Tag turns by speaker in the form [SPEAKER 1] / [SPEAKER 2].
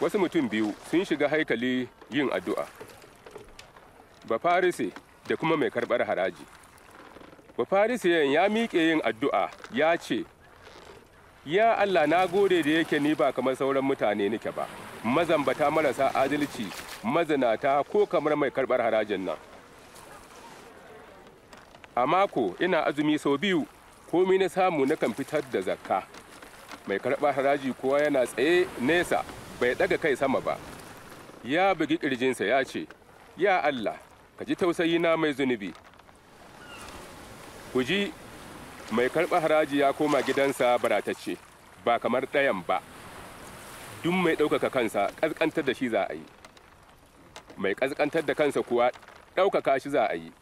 [SPEAKER 1] wasu mutum biyu sun shiga haikali yin addu'a bafarise da kuma mai karbar haraji bafarisiyen ya miƙe yin addu'a ya ce ya allah na gode da yake ni ba kamar sauran mutane nake ba mazambata marasa adalci mazinata ko kamar mai karbar harajin nan a mako ina azumi sau biyu komi na samu na kan fitar da zakka mai karɓar haraji kuwa yana tsaye nesa bai daga kai sama ba ya bugi ƙirjinsa ya ce ya allah ka ji tausayi na mai zunubi ku ji mai karɓa haraji ya koma gidansa baratacce ba kamar ɗayan ba duk mai ɗaukaka kansa ƙasƙantar da shi za a yi mai ƙasƙantar da kansa kuwa ɗaukaka shi za a yi